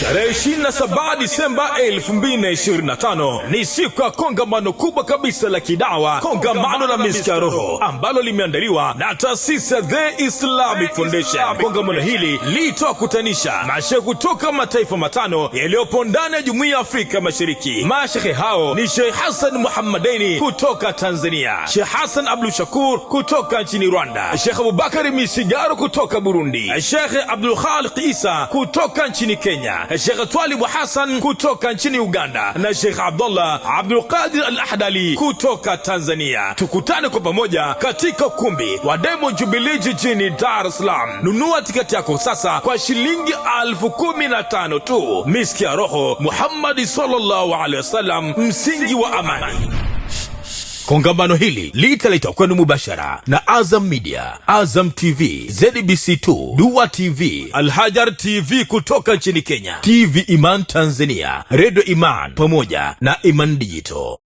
Tarehe 27 Disemba 2025 ni siku ya kongamano kubwa kabisa la kidawa, kongamano la miski ya roho ambalo limeandaliwa na taasisi ya The Islamic Foundation. Kongamano hili litawakutanisha mashehe kutoka mataifa matano yaliyopo ndani ya jumuiya ya Afrika Mashariki. Mashehe hao ni Sheikh Hassan Muhammadaini kutoka Tanzania, Sheikh Hassan Abdul Shakur kutoka nchini Rwanda, Sheikh Abubakari Misigaro kutoka Burundi, Sheikh Abdul Khaliq Isa kutoka nchini Kenya, Sheikh Twalibu Hassan kutoka nchini Uganda na Sheikh Abdullah Abdulqadir Al Ahdali kutoka Tanzania. Tukutane kwa pamoja katika ukumbi wa Diamond Jubilee jijini Dar es Salaam. Nunua tiketi yako sasa kwa shilingi elfu kumi na tano tu. Miski ya roho Muhammadi sallallahu alaihi wasallam, msingi wa amani. Kongamano hili litaletwa kwenu mubashara na Azam Media, Azam TV, ZBC2, Dua TV, Alhajar TV kutoka nchini Kenya, TV Iman Tanzania, Redio Iman pamoja na Iman Digital.